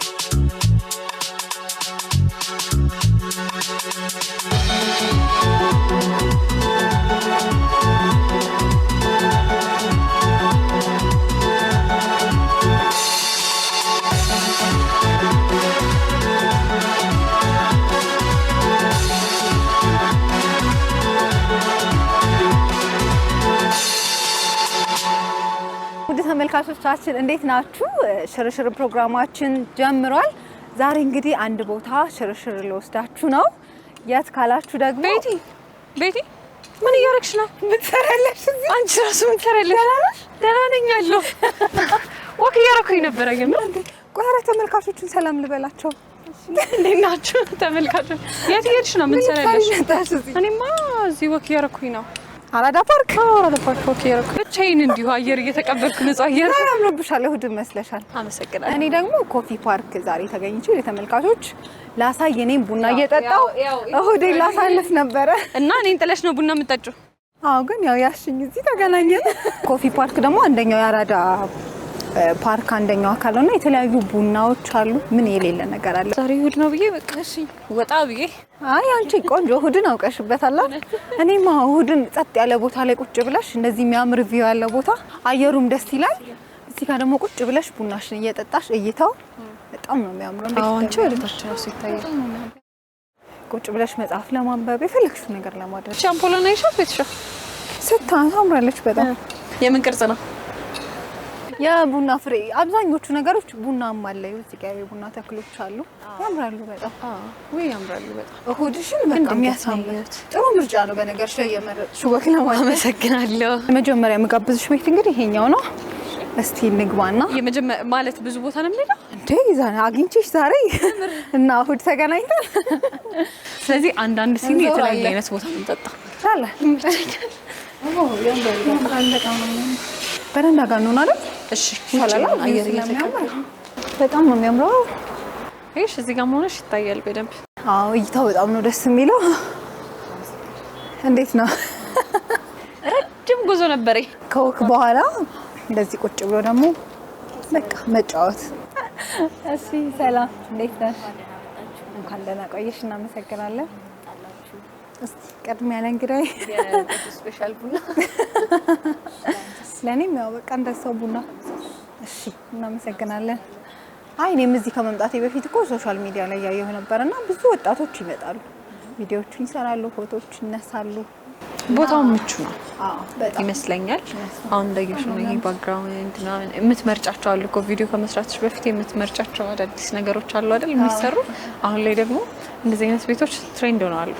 Thank you. ተመልካቾቻችን እንዴት ናችሁ? ሽርሽር ፕሮግራማችን ጀምሯል። ዛሬ እንግዲህ አንድ ቦታ ሽርሽር ልወስዳችሁ ነው። የት ካላችሁ ደግሞ ቤቲ ቤቲ ምን እያደረግሽ ነው? ምን ትሰሪያለሽ? አንቺ ራሱ ምን ትሰሪያለሽ? ደህና ነኝ ያለው ወክ እያደረኩኝ ነበረ። ቆይ ኧረ ተመልካቾቹን ሰላም ልበላቸው። እንዴት ናችሁ ተመልካቾች? የት እየሄድሽ ነው? ምን ትሰሪያለሽ? እኔማ እዚህ ወክ እያደረኩኝ ነው አራዳ ፓርክ አራዳ ፓርክ ኦኬ። ረኩ ብቻዬን እንዲሁ አየር እየተቀበልኩ ንጹህ አየር አምሮብሻል። እሑድ መስለሻል። አመሰግናለሁ። እኔ ደግሞ ኮፊ ፓርክ ዛሬ ተገኝቼ ለተመልካቾች ላሳይ የኔን ቡና እየጠጣሁ እሑዴ ላሳልፍ ነበረ እና እኔን ጥለሽ ነው ቡና የምጠጪው? አዎ ግን ያው ያሽኝ እዚህ ተገናኘን። ኮፊ ፓርክ ደግሞ አንደኛው የአራዳ ፓርክ አንደኛው አካል ነው። የተለያዩ ቡናዎች አሉ። ምን የሌለ ነገር አለ። ዛሬ እሑድ ነው ብዬ በቃ እሺ ወጣ ብዬ። አይ አንቺ ቆንጆ እሁድን አውቀሽበታል። እኔማ እሁድን ጸጥ ያለ ቦታ ላይ ቁጭ ብለሽ እንደዚህ የሚያምር ቪው ያለው ቦታ አየሩም ደስ ይላል። እዚህ ጋር ደግሞ ቁጭ ብለሽ ቡናሽን እየጠጣሽ እይታው በጣም ነው የሚያምረው። አንቺ ወደታች ራሱ ይታያል። ቁጭ ብለሽ መጽሐፍ ለማንበብ የፈለግሽው ነገር ለማድረግ ሻምፖሎና ይሻ ስትሻ ስታ ታምራለች በጣም የምን ቅርጽ ነው የቡና ፍሬ አብዛኞቹ ነገሮች ቡናም አለ። እዚህ ጋር የቡና ተክሎች አሉ። ያምራሉ በጣም ወይ ያምራሉ በጣም እሁድሽን በቃ የሚያሳምሩት ጥሩ ምርጫ ነው። በነገርሽ ላይ የመረጥሽው ወግ ነው። አመሰግናለሁ። መጀመሪያ የምጋብዝሽ ቤት እንግዲህ ይሄኛው ነው። እስቲ ንግባና ማለት ብዙ ቦታ ነው የምንሄደው እንዴ? ዛሬ አግኝቼሽ ዛሬ እና እሁድ ተገናኝተን፣ ስለዚህ አንዳንድ ሲኒ የተለያየ አይነት ቦታ ነው የምንጠጣው በረንዳ ጋር ነው አይደል? እሺ ይቻላል። አየር እየተቀበለ በጣም ነው የሚያምረው። እሺ እዚህ ጋር መሆንሽ ይታያል በደንብ። አዎ እይታው በጣም ነው ደስ የሚለው። እንዴት ነው? ረጅም ጉዞ ነበር። ከወክ በኋላ እንደዚህ ቁጭ ብሎ ደግሞ በቃ መጫወት። እሺ ሰላም፣ እንዴት ነሽ? እንኳን ደህና ቆየሽ። እናመሰግናለን። እስኪ ያለ እንግዳይ ስፔሻል ቡና ለእኔም ያው በቃ እንደሰው ቡና። እሺ፣ እናመሰግናለን። አይ እኔም እዚህ ከመምጣቴ በፊት እኮ ሶሻል ሚዲያ ላይ ያየሁ ነበር እና ብዙ ወጣቶች ይመጣሉ፣ ቪዲዮዎቹን ይሰራሉ፣ ፎቶዎች ይነሳሉ። ቦታው ምቹ ነው ይመስለኛል። አሁን እንዳየሽ ነው። ይሄ ባክግራውንድ ምናምን የምትመርጫቸው አሉ እኮ ቪዲዮ ከመስራትሽ በፊት የምትመርጫቸው አዳዲስ ነገሮች አሉ አይደል? የሚሰሩ አሁን ላይ ደግሞ እንደዚህ አይነት ቤቶች ትሬንድ ሆነዋል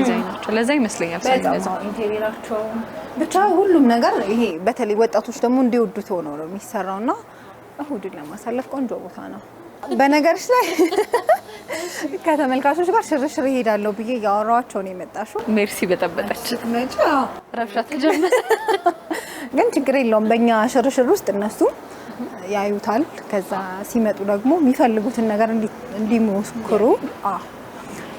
ዲዛይናቸው። ለዛ ይመስለኛል ሳይነዛ ኢንቴሪራቸው ብቻ ሁሉም ነገር ይሄ በተለይ ወጣቶች ደግሞ እንዲወዱት ሆኖ ነው የሚሰራው እና እሁድን ለማሳለፍ ቆንጆ ቦታ ነው። በነገርሽ ላይ ከተመልካቾች ጋር ሽርሽር ይሄዳለሁ ብዬ እያወራኋቸው ነው የመጣሽው። ሜርሲ በጠበጠች ረብሻ ተጀመረ። ግን ችግር የለውም በእኛ ሽርሽር ውስጥ እነሱ ያዩታል። ከዛ ሲመጡ ደግሞ የሚፈልጉትን ነገር እንዲሞክሩ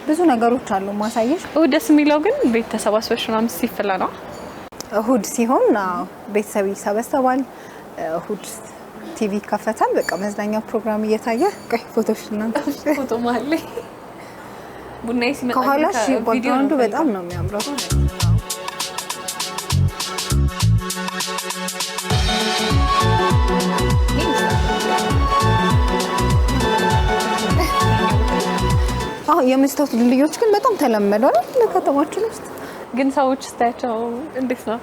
ብዙ ነገሮች አሉ ማሳየሽ። ደስ የሚለው ግን ቤተሰባስበሽ ምናምን ሲፈላ ነው እሁድ ሲሆን ቤተሰብ ይሰበሰባል። እሁድ ቲቪ ይከፈታል። በቃ መዝናኛ ፕሮግራም እየታየ ቀይ ፎቶሽ ከኋላሽ በጣም ነው የሚያምረው። የመስታወት ድልድዮች ግን በጣም ተለመደ ለከተማችን ውስጥ ግን ሰዎች ስታያቸው እንዴት ነው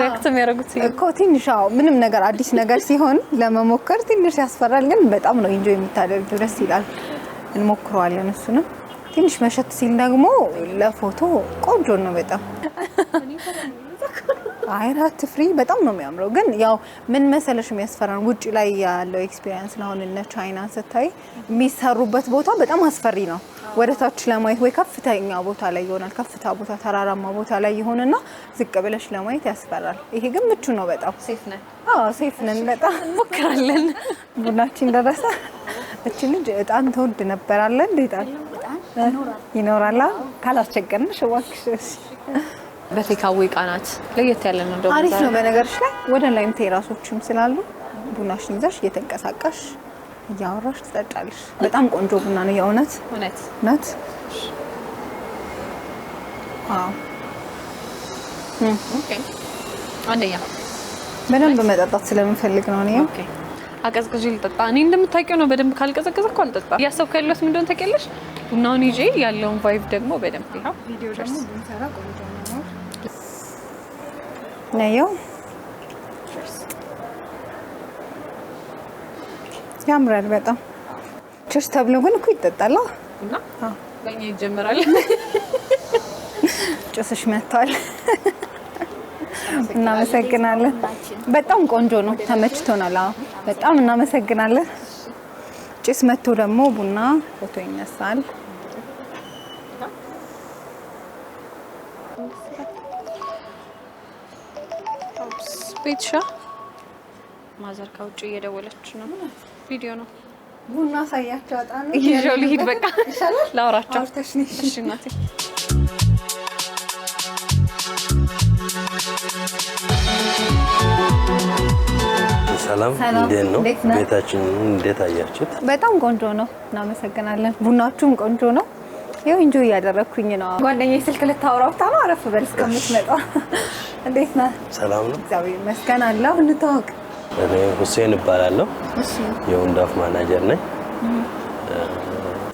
ሪያክት የሚያደርጉት? እኮ ትንሽ ምንም ነገር አዲስ ነገር ሲሆን ለመሞከር ትንሽ ያስፈራል፣ ግን በጣም ነው ኢንጆይ የምታደርጊው። ደስ ይላል። እንሞክረዋለን እሱንም ትንሽ መሸት ሲል ደግሞ ለፎቶ ቆንጆ ነው በጣም አይራት ፍሪ በጣም ነው የሚያምረው። ግን ያው ምን መሰለሽ የሚያስፈራን ውጭ ላይ ያለው ኤክስፒሪየንስ ነው። አሁን እነ ቻይና ስታይ የሚሰሩበት ቦታ በጣም አስፈሪ ነው። ወደ ታች ለማየት ወይ ከፍተኛ ቦታ ላይ ይሆናል። ከፍታ ቦታ ተራራማ ቦታ ላይ ይሆንና ዝቅ ብለሽ ለማየት ያስፈራል። ይሄ ግን ምቹ ነው በጣም ሴፍ ነን። አዎ ሴፍ ነን በጣም እንሞክራለን። ቡናችን ደረሰ። እቺ ልጅ እጣን ትወድ ነበር አለ እንዴ? እጣን ይኖራላ ካላስቸገርንሽ እባክሽ። በቴካዌ እቃ ናት ለየት ያለ ነው። አሪፍ ነው። በነገርሽ ላይ ወደ ላይም ቴራሶችም ስላሉ ቡናሽን ይዘሽ እየተንቀሳቀሽ እያወራሽ ትጠጫለሽ። በጣም ቆንጆ ቡና ነው የእውነት እውነት እውነት። አንደኛ በደንብ መጠጣት ስለምፈልግ ነው። እኔ አቀዝቅዥ ልጠጣ። እኔ እንደምታውቂው ነው በደንብ ካልቀዘቀዘ እኮ አልጠጣም። እያሰብኩ ያለሁት ምን እንደሆነ ታውቂያለሽ። ቡናውን ይዤ ያለውን ቫይቭ ደግሞ በደንብ ይኸው ያምራል በጣም ቸርች ተብሎ ግን እኮ ይጠጣል እና ይጀምራል። ጭስሽ መጥቷል። እናመሰግናለን። በጣም ቆንጆ ነው፣ ተመችቶናል። በጣም እናመሰግናለን። ጭስ መጥቶ ደግሞ ቡና ፎቶ ይነሳል። ቤትሻ ማዘር ከውጭ እየደወለች ነው። ቪዲዮ ነው። ቡና ሳያቸው አጣን ይዤው ልሂድ። በቃ ይሻላል ላውራቸው። እሺ እናቴ ሰላም እንዴት ነው? ቤታችን እንዴት አያችሁት? በጣም ቆንጆ ነው፣ እናመሰግናለን። ቡናችሁም ቆንጆ ነው። ይኸው እንጆ እያደረግኩኝ ነው። ጓደኛዬ ስልክ ልታወራ ብታ ነው። አረፍ በል እስከምትመጣ። እንዴት ነህ? ሰላም ነው፣ እግዚአብሔር ይመስገን። አለሁ እንታወቅ እኔ ሁሴን እባላለሁ። የወንዳፍ ማናጀር ነኝ።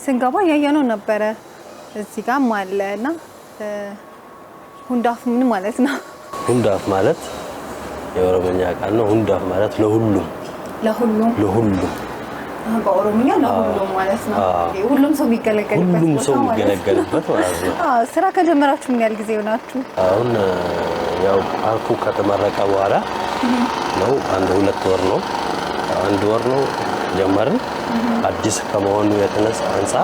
ስንገባ እያየነው ነበረ። እዚህ ጋር አለ እና ሁንዳፍ ምን ማለት ነው? ሁንዳፍ ማለት የኦሮምኛ ቃል ነው። ሁንዳፍ ማለት ለሁሉም ለሁሉም በኦሮምኛ ለሁሉም ሁሉም ሰው የሚገለገልበት ሁሉም ሰው የሚገለገልበት ማለት ነው። ስራ ከጀመራችሁ ምን ያህል ጊዜ ሆናችሁ? አሁን ያው ፓርኩ ከተመረቀ በኋላ ነው። አንድ ሁለት ወር ነው አንድ ወር ነው ጀመርን። አዲስ ከመሆኑ የተነሳ አንጻ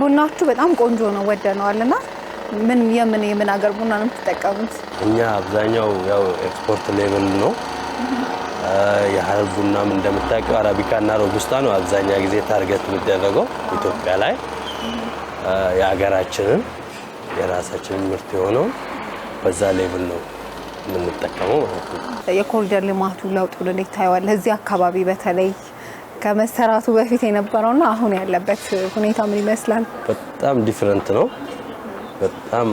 ቡናችሁ በጣም ቆንጆ ነው፣ ወደነዋል እና ምን የምን የምን ሀገር ቡና ነው የምትጠቀሙት? እኛ አብዛኛው ያው ኤክስፖርት ሌቭል ነው። የሀረር ቡናም እንደምታቀው አረቢካ እና ሮቡስታ ነው አብዛኛ ጊዜ ታርጌት የሚደረገው ኢትዮጵያ ላይ የሀገራችንን የራሳችንን ምርት የሆነው በዛ ሌቭል ነው የምንጠቀመው ማለት ነው። የኮሪደር ልማቱ ለውጥ ወደሌት ታየዋለህ? እዚህ አካባቢ በተለይ ከመሰራቱ በፊት የነበረውና አሁን ያለበት ሁኔታ ምን ይመስላል? በጣም ዲፍረንት ነው። በጣም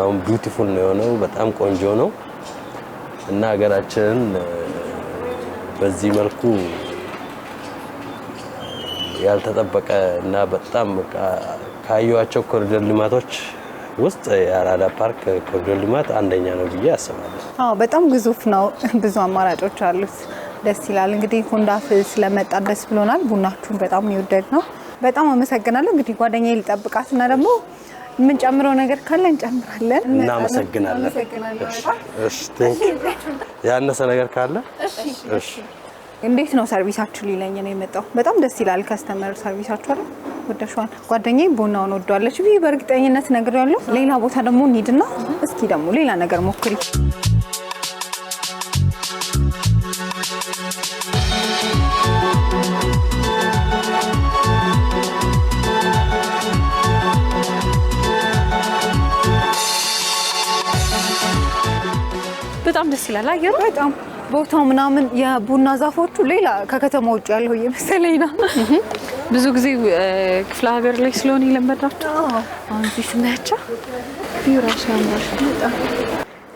አሁን ቢዩቲፉል ነው የሆነው። በጣም ቆንጆ ነው እና ሀገራችንን በዚህ መልኩ ያልተጠበቀ እና በጣም ካየኋቸው ኮሪደር ልማቶች ውስጥ የአራዳ ፓርክ ኮሪደር ልማት አንደኛ ነው ብዬ አስባለሁ። አዎ በጣም ግዙፍ ነው፣ ብዙ አማራጮች አሉት። ደስ ይላል። እንግዲህ ሁንዳፍ ስለመጣ ደስ ብሎናል። ቡናችሁን በጣም ይወደድ ነው። በጣም አመሰግናለሁ። እንግዲህ ጓደኛ እና ደግሞ የምንጨምረው ነገር ካለ እንጨምራለን። እናመሰግናለን። ያነሰ ነገር ካለ እንዴት ነው ሰርቪሳችሁ ሊለኝ ነው የመጣው። በጣም ደስ ይላል ከስተመር ሰርቪሳችሁ አለ ወደሽዋል። ጓደኛዬ ቡናውን ወደዋለች ብዬ በእርግጠኝነት ያለው ሌላ ቦታ ደግሞ እንሂድና እስኪ ደግሞ ሌላ ነገር ሞክሪ። በጣም ደስ ይላል አየሩ በጣም ቦታው ምናምን የቡና ዛፎቹ ሌላ ከከተማ ውጭ ያለው እየመሰለኝ ነው። ብዙ ጊዜ ክፍለ ሀገር ላይ ስለሆነ የለመዳቸው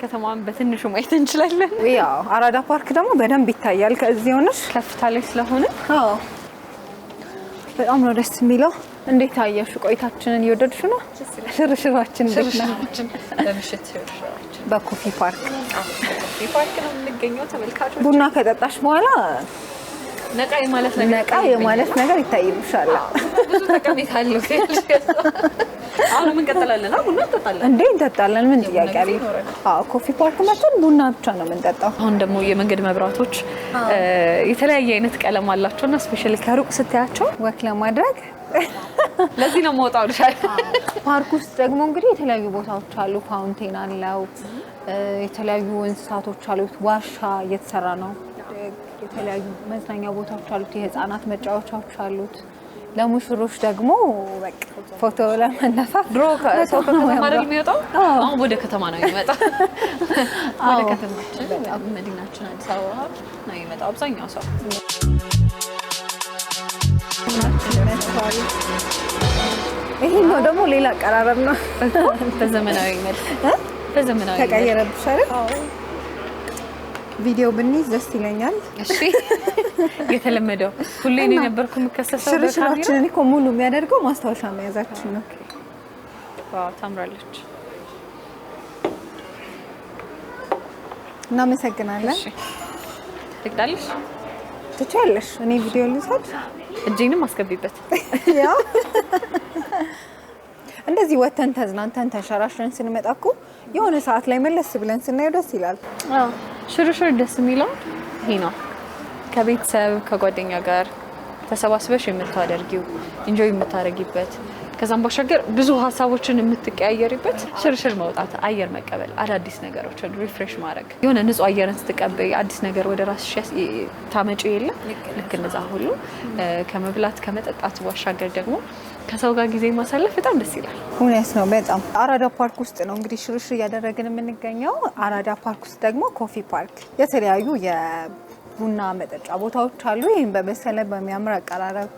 ከተማን በትንሹ ማየት እንችላለን። ያው አራዳ ፓርክ ደግሞ በደንብ ይታያል ከዚህ ሆነች ከፍታ ላይ ስለሆነ በጣም ነው ደስ የሚለው። እንዴት አየሹ? ቆይታችንን እየወደድሽ ነው? ሽርሽራችን ሽርሽራችን በኮፊ ፓርክ ኮፊ ፓርክ ነው ተመልካቾች ቡና ከጠጣሽ በኋላ ነቃ የማለት ነገር ነቃ ነገር ይታይብሻል። ብዙ አለው። አሁን ምን ቡና እንጠጣለን እንዴ? እንጠጣለን። ምን ጥያቄ አለ? አዎ ኮፊ ፓርክ መጥተን ቡና ብቻ ነው የምንጠጣው። አሁን ደግሞ የመንገድ መብራቶች የተለያየ አይነት ቀለም አላቸውና ስፔሻሊ ከሩቅ ስታያቸው ወክ ለማድረግ ለዚህ ነው መውጣው ልሻል። ፓርክ ውስጥ ደግሞ እንግዲህ የተለያዩ ቦታዎች አሉ። ፋውንቴን አለው፣ የተለያዩ እንስሳቶች አሉት፣ ዋሻ እየተሰራ ነው። የተለያዩ መዝናኛ ቦታዎች አሉት፣ የህፃናት መጫወቻዎች አሉት። ለሙሽሮች ደግሞ ፎቶ ለመነሳት ድሮ ሰው ከከተማ አይደል የሚወጣው? አሁን ወደ ከተማ ነው የሚመጣው። ወደ ከተማችን መዲናችን አዲስ አበባ ነው የሚመጣው አብዛኛው ሰው። አካባቢ። ይሄኛው ደግሞ ሌላ አቀራረብ ነው። በዘመናዊ መልክ በዘመናዊ ተቀየረብሽ አይደል? ቪዲዮ ብንይዝ ደስ ይለኛል። እሺ፣ የተለመደው ሁሌ ነው የነበርኩ የምከሰሰው። ሽርሽራችንን እኮ ሙሉ የሚያደርገው ማስታወሻ መያዛችን ነው። ዋው ታምራለች። እናመሰግናለን። ትቅዳለሽ፣ ትችያለሽ። እኔ ቪዲዮ ልውሰድ። እጅንም አስገቢበት። ያው እንደዚህ ወተን ተዝናንተን ተንሸራሽረን ስንመጣ እኮ የሆነ ሰዓት ላይ መለስ ብለን ስናየው ደስ ይላል። ሽርሽር ደስ የሚለው ይሄ ነው። ከቤተሰብ ከጓደኛ ጋር ተሰባስበሽ የምታደርጊው ኢንጆይ የምታደርጊበት ከዛም ባሻገር ብዙ ሀሳቦችን የምትቀያየሪበት ሽርሽር መውጣት፣ አየር መቀበል፣ አዳዲስ ነገሮችን ሪፍሬሽ ማድረግ የሆነ ንጹህ አየርን ስትቀበይ አዲስ ነገር ወደ ራስ ታመጪ የለ ልክ እነዛ ሁሉ ከመብላት ከመጠጣት ባሻገር ደግሞ ከሰው ጋር ጊዜ ማሳለፍ በጣም ደስ ይላል። እውነት ነው። በጣም አራዳ ፓርክ ውስጥ ነው እንግዲህ ሽርሽር እያደረግን የምንገኘው። አራዳ ፓርክ ውስጥ ደግሞ ኮፊ ፓርክ የተለያዩ የቡና መጠጫ ቦታዎች አሉ። ይህም በመሰለ በሚያምር አቀራረብ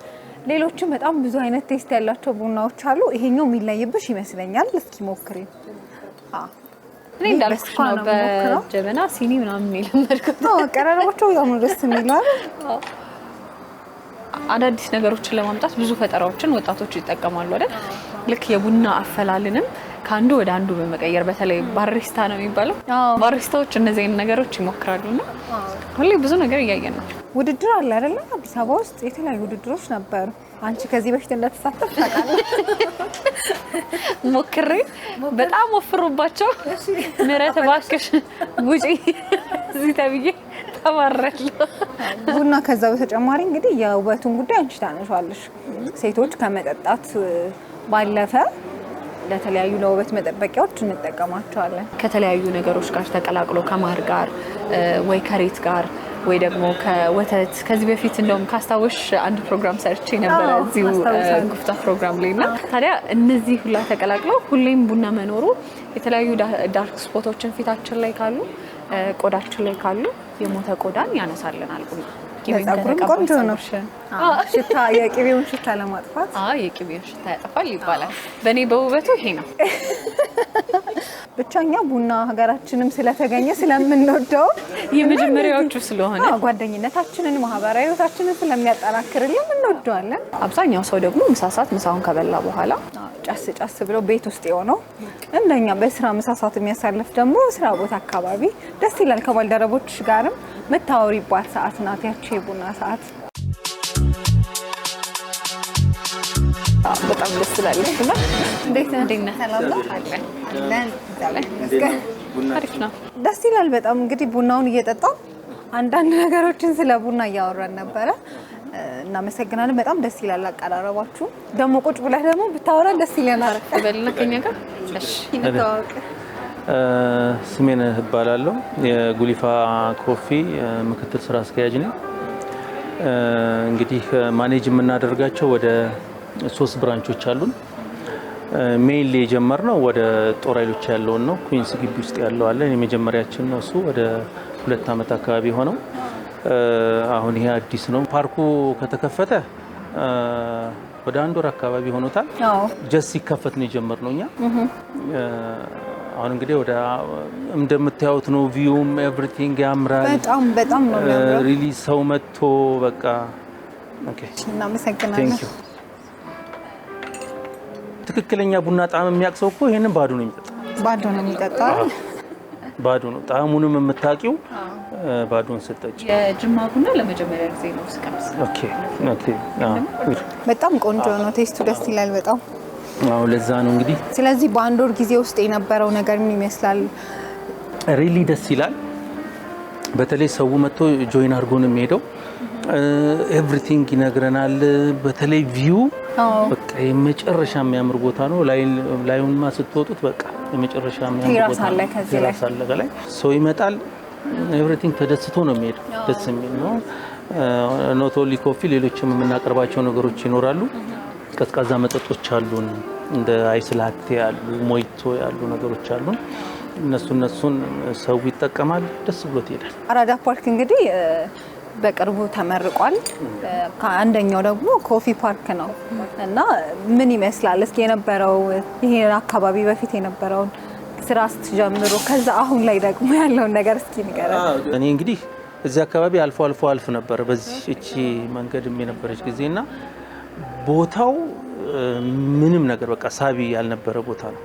ሌሎችም በጣም ብዙ አይነት ቴስት ያላቸው ቡናዎች አሉ። ይሄኛው የሚለይብሽ ይመስለኛል። እስኪ ሞክሪ። እኔ እንዳልኩሽ ነው በጀበና ሲኒ ምናምን የለመድኩት። አቀራረባቸው በጣም ደስ የሚላል። አዳዲስ ነገሮችን ለማምጣት ብዙ ፈጠራዎችን ወጣቶች ይጠቀማሉ አይደል? ልክ የቡና አፈላልንም ከአንዱ ወደ አንዱ በመቀየር በተለይ ባሪስታ ነው የሚባለው። ባሪስታዎች እነዚህን ነገሮች ይሞክራሉ እና ሁሌ ብዙ ነገር እያየን ነው። ውድድር አለ አይደለ? አዲስ አበባ ውስጥ የተለያዩ ውድድሮች ነበሩ። አንቺ ከዚህ በፊት እንደተሳተፍ ታውቃለህ? ሞክሬ በጣም ወፍሩባቸው፣ ምህረት እባክሽ ውጪ እዚህ ተብዬ ቡና ከዛ በተጨማሪ እንግዲህ የውበቱን ጉዳይ አንቺ ታነሻለሽ። ሴቶች ከመጠጣት ባለፈ ለተለያዩ ለውበት መጠበቂያዎች እንጠቀማቸዋለን። ከተለያዩ ነገሮች ጋር ተቀላቅሎ ከማር ጋር ወይ ከሬት ጋር ወይ ደግሞ ከወተት ከዚህ በፊት እንደውም ካስታወሽ አንድ ፕሮግራም ሰርቼ ነበረ እዚሁ ጉፍታ ፕሮግራም ላይ እና ታዲያ እነዚህ ሁላ ተቀላቅለው ሁሌም ቡና መኖሩ የተለያዩ ዳርክ ስፖቶችን ፊታችን ላይ ካሉ ቆዳችን ላይ ካሉ የሞተ ቆዳን ያነሳልናል ቡና። ጸጉርም ቆንጆ ነው። ሽታ የቅቤውን ሽታ ለማጥፋት የቅቤውን ሽታ ያጠፋል ይባላል። በእኔ በውበቱ ይሄ ነው። ብቻኛ ቡና ሀገራችንም ስለተገኘ ስለምንወደው የመጀመሪያዎቹ ስለሆነ ጓደኝነታችንን ማህበራዊ ህይወታችንን ስለሚያጠናክርልን እንወደዋለን። አብዛኛው ሰው ደግሞ ምሳሳት ምሳውን ከበላ በኋላ ጨስ ጨስ ብሎ ቤት ውስጥ የሆነው እንደኛ በስራ ምሳሳት የሚያሳልፍ ደግሞ ስራ ቦታ አካባቢ ደስ ይላል። ከባልደረቦች ጋርም የምታወሪባት ሰዓት ናት ያቺ የቡና ሰዓት። በጣም ደስ ትላለች። እና እንዴት ነው ደስ ይላል በጣም እንግዲህ ቡናውን እየጠጣ አንዳንድ ነገሮችን ስለ ቡና እያወራን ነበረ። እናመሰግናለን። በጣም ደስ ይላል አቀራረባችሁ። ደግሞ ቁጭ ብለህ ደግሞ ብታወራ ደስ ይለናል። በልና ከኛ ጋር እሺ እንተዋወቅ ስሜነህ እባላለሁ። የጉሊፋ ኮፊ ምክትል ስራ አስኪያጅ ነኝ። እንግዲህ ማኔጅ የምናደርጋቸው ወደ ሶስት ብራንቾች አሉን። ሜይንሊ የጀመርነው ወደ ጦር ኃይሎች ያለውን ነው። ኩንስ ግቢ ውስጥ ያለው አለ የመጀመሪያችን ነው። እሱ ወደ ሁለት ዓመት አካባቢ ሆነው። አሁን ይሄ አዲስ ነው። ፓርኩ ከተከፈተ ወደ አንድ ወር አካባቢ ሆኖታል። ጀስ ሲከፈት ነው የጀመርነው እኛ አሁን እንግዲህ ወደ እንደምታዩት ነው። ቪውም ኤቭሪቲንግ ያምራል። በጣም በጣም ነው የሚያምረው። ሪሊ ሰው መጥቶ በቃ ኦኬ። እናመሰግናለን። ትክክለኛ ቡና ጣም የሚያቅሰው እኮ ይሄንን ባዶ ነው የሚጠጣ ባዶ ነው የሚጠጣ ባዶ ነው ጣዕሙንም የምታውቂው ባዶን ስጠጭ። የጅማ ቡና ለመጀመሪያ ጊዜ ነው ስቀምስ። ኦኬ ኦኬ። በጣም ቆንጆ ነው ቴስቱ፣ ደስ ይላል በጣም አዎ ለዛ ነው እንግዲህ። ስለዚህ በአንድ ወር ጊዜ ውስጥ የነበረው ነገር ምን ይመስላል? ሪሊ ደስ ይላል። በተለይ ሰው መጥቶ ጆይን አድርጎ ነው የሚሄደው። ኤቭሪቲንግ ይነግረናል። በተለይ ቪው በቃ የመጨረሻ የሚያምር ቦታ ነው። ላዩንማ ስትወጡት በቃ የመጨረሻ የሚያምር ቦታ ነው። ላይ ሰው ይመጣል። ኤቭሪቲንግ ተደስቶ ነው የሚሄደው። ደስ የሚል ነው። ኖት ኦንሊ ኮፊ፣ ሌሎችም የምናቀርባቸው ነገሮች ይኖራሉ። ቀዝቃዛ መጠጦች አሉን፣ እንደ አይስላቴ ያሉ ሞይቶ ያሉ ነገሮች አሉን። እነሱ እነሱን ሰው ይጠቀማል፣ ደስ ብሎት ይሄዳል። አራዳ ፓርክ እንግዲህ በቅርቡ ተመርቋል። አንደኛው ደግሞ ኮፊ ፓርክ ነው እና ምን ይመስላል እስኪ የነበረው ይሄን አካባቢ በፊት የነበረውን ስራ ስትጀምሩ ከዛ አሁን ላይ ደግሞ ያለውን ነገር እስኪ ንገረን። እኔ እንግዲህ እዚህ አካባቢ አልፎ አልፎ አልፍ ነበር በዚህ እቺ መንገድ የነበረች ጊዜ እና ቦታው ምንም ነገር በቃ ሳቢ ያልነበረ ቦታ ነው።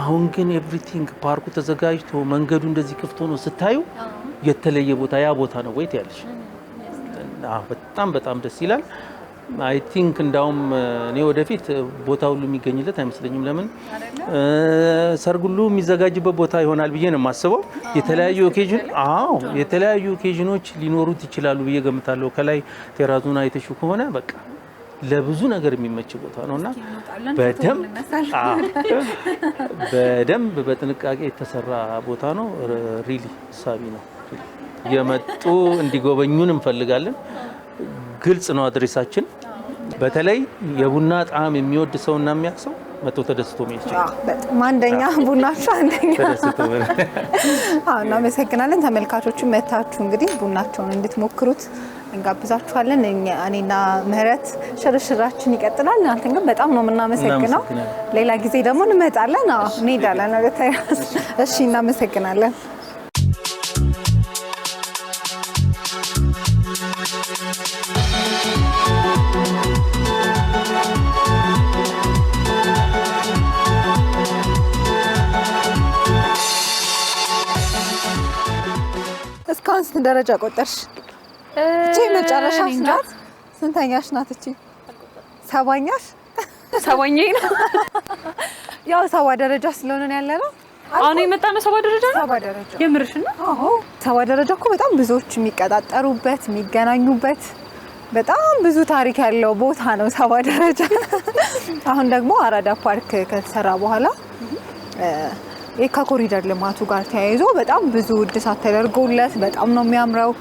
አሁን ግን ኤቭሪቲንግ ፓርኩ ተዘጋጅቶ መንገዱ እንደዚህ ክፍት ሆኖ ስታዩ የተለየ ቦታ ያ ቦታ ነው ወይ ትያለሽ። በጣም በጣም ደስ ይላል። አይ ቲንክ እንዳውም እኔ ወደፊት ቦታ ሁሉ የሚገኝለት አይመስለኝም። ለምን ሰርግ ሁሉ የሚዘጋጅበት ቦታ ይሆናል ብዬ ነው የማስበው። የተለያዩ ኦኬዥን አዎ፣ የተለያዩ ኦኬዥኖች ሊኖሩት ይችላሉ ብዬ ገምታለሁ። ከላይ ቴራዙን አይተሹ ከሆነ በቃ ለብዙ ነገር የሚመች ቦታ ነው እና በደንብ በጥንቃቄ የተሰራ ቦታ ነው። ሪሊ ሳቢ ነው። የመጡ እንዲጎበኙን እንፈልጋለን። ግልጽ ነው አድሬሳችን። በተለይ የቡና ጣዕም የሚወድ ሰው እና የሚያቅ ሰው መጥቶ ተደስቶ መሄድ ይችላል። በጣም አንደኛ ቡናችሁ አንደኛ። እናመሰግናለን። ተመልካቾቹ መታችሁ እንግዲህ ቡናቸውን እንድትሞክሩት እንጋብዛችኋለን። እኔና ምህረት ሽርሽራችን ይቀጥላል። እናንተ ግን በጣም ነው የምናመሰግነው። ሌላ ጊዜ ደግሞ እንመጣለን፣ እንሄዳለን። እሺ፣ እናመሰግናለን። አሁን ስንት ደረጃ ቆጠርሽ? እቺ መጨረሻ ናት። ስንተኛሽ ናት እቺ? ሰባኛሽ? ሰባኛ ነው። ያው ሰባ ደረጃ ስለሆነ ነው ያለ ነው። አሁን የመጣ ነው ሰባ ደረጃ ነው። ሰባ ደረጃ የምርሽ ነው? አዎ ሰባ ደረጃ እኮ በጣም ብዙዎች የሚቀጣጠሩበት የሚገናኙበት በጣም ብዙ ታሪክ ያለው ቦታ ነው ሰባ ደረጃ። አሁን ደግሞ አራዳ ፓርክ ከተሰራ በኋላ ከኮሪደር ልማቱ ጋር ተያይዞ በጣም ብዙ እድሳት ተደርጎለት በጣም ነው የሚያምረው።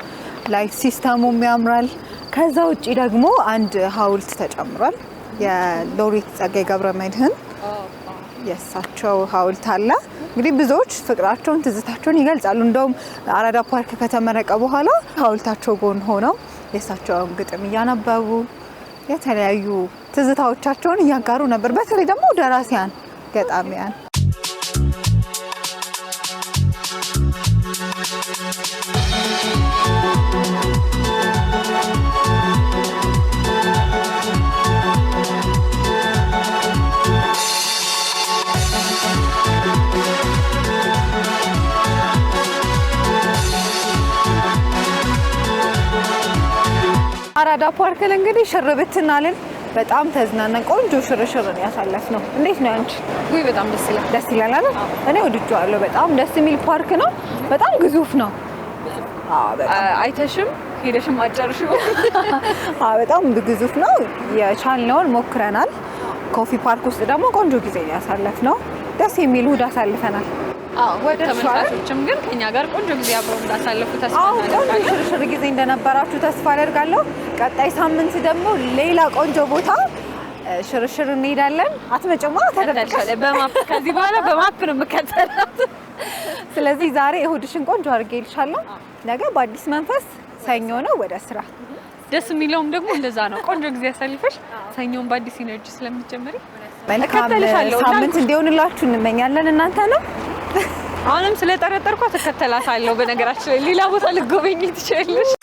ላይት ሲስተሙም ያምራል። ከዛ ውጭ ደግሞ አንድ ሀውልት ተጨምሯል። የሎሬት ጸጋዬ ገብረ መድህን የእሳቸው ሀውልት አለ። እንግዲህ ብዙዎች ፍቅራቸውን ትዝታቸውን ይገልጻሉ። እንደውም አራዳ ፓርክ ከተመረቀ በኋላ ሀውልታቸው ጎን ሆነው የእሳቸውን ግጥም እያነበቡ የተለያዩ ትዝታዎቻቸውን እያጋሩ ነበር። በተለይ ደግሞ ደራሲያን ገጣሚያን አራዳ ፓርክ እንግዲህ ሽር ብትናልን በጣም ተዝናናን። ቆንጆ ሽርሽር ነው ያሳለፍነው። እንዴት ነው አንቺ? ውይ በጣም ደስ ይላል። ደስ ይላል አይደል? እኔ ወድጄዋለሁ። በጣም ደስ የሚል ፓርክ ነው። በጣም ግዙፍ ነው። አይተሽም ሄደሽም አጨርሽው። በጣም ግዙፍ ነው። የቻልነውን ሞክረናል። ኮፊ ፓርክ ውስጥ ደግሞ ቆንጆ ጊዜ ነው ያሳለፍነው። ደስ የሚል እሁድ አሳልፈናል። ተመልካቾችም ግን ከኛ ጋር ቆንጆ ጊዜ አብረው እንዳሳለፉ ተስፋ ቆንጆ ሽርሽር ጊዜ እንደነበራችሁ ተስፋ አደርጋለሁ። ቀጣይ ሳምንት ደግሞ ሌላ ቆንጆ ቦታ ሽርሽር እንሄዳለን። አትመጭማ ተደብቀሽ በማፕ ከዚህ በኋላ በማፕ ነው የምከተላት። ስለዚህ ዛሬ እሁድሽን ቆንጆ አድርጌ ልሻለሁ። ነገ በአዲስ መንፈስ ሰኞ ነው ወደ ስራ። ደስ የሚለውም ደግሞ እንደዛ ነው። ቆንጆ ጊዜ ያሳልፈሽ ሰኞን በአዲስ ኢነርጂ ስለምትጀምሪ መልካም ሳምንት እንዲሆንላችሁ እንመኛለን። እናንተ ነው አሁንም ስለጠረጠርኳ ትከተላታለሁ። በነገራችን ላይ ሌላ ቦታ ልጎበኝ ትችላለች።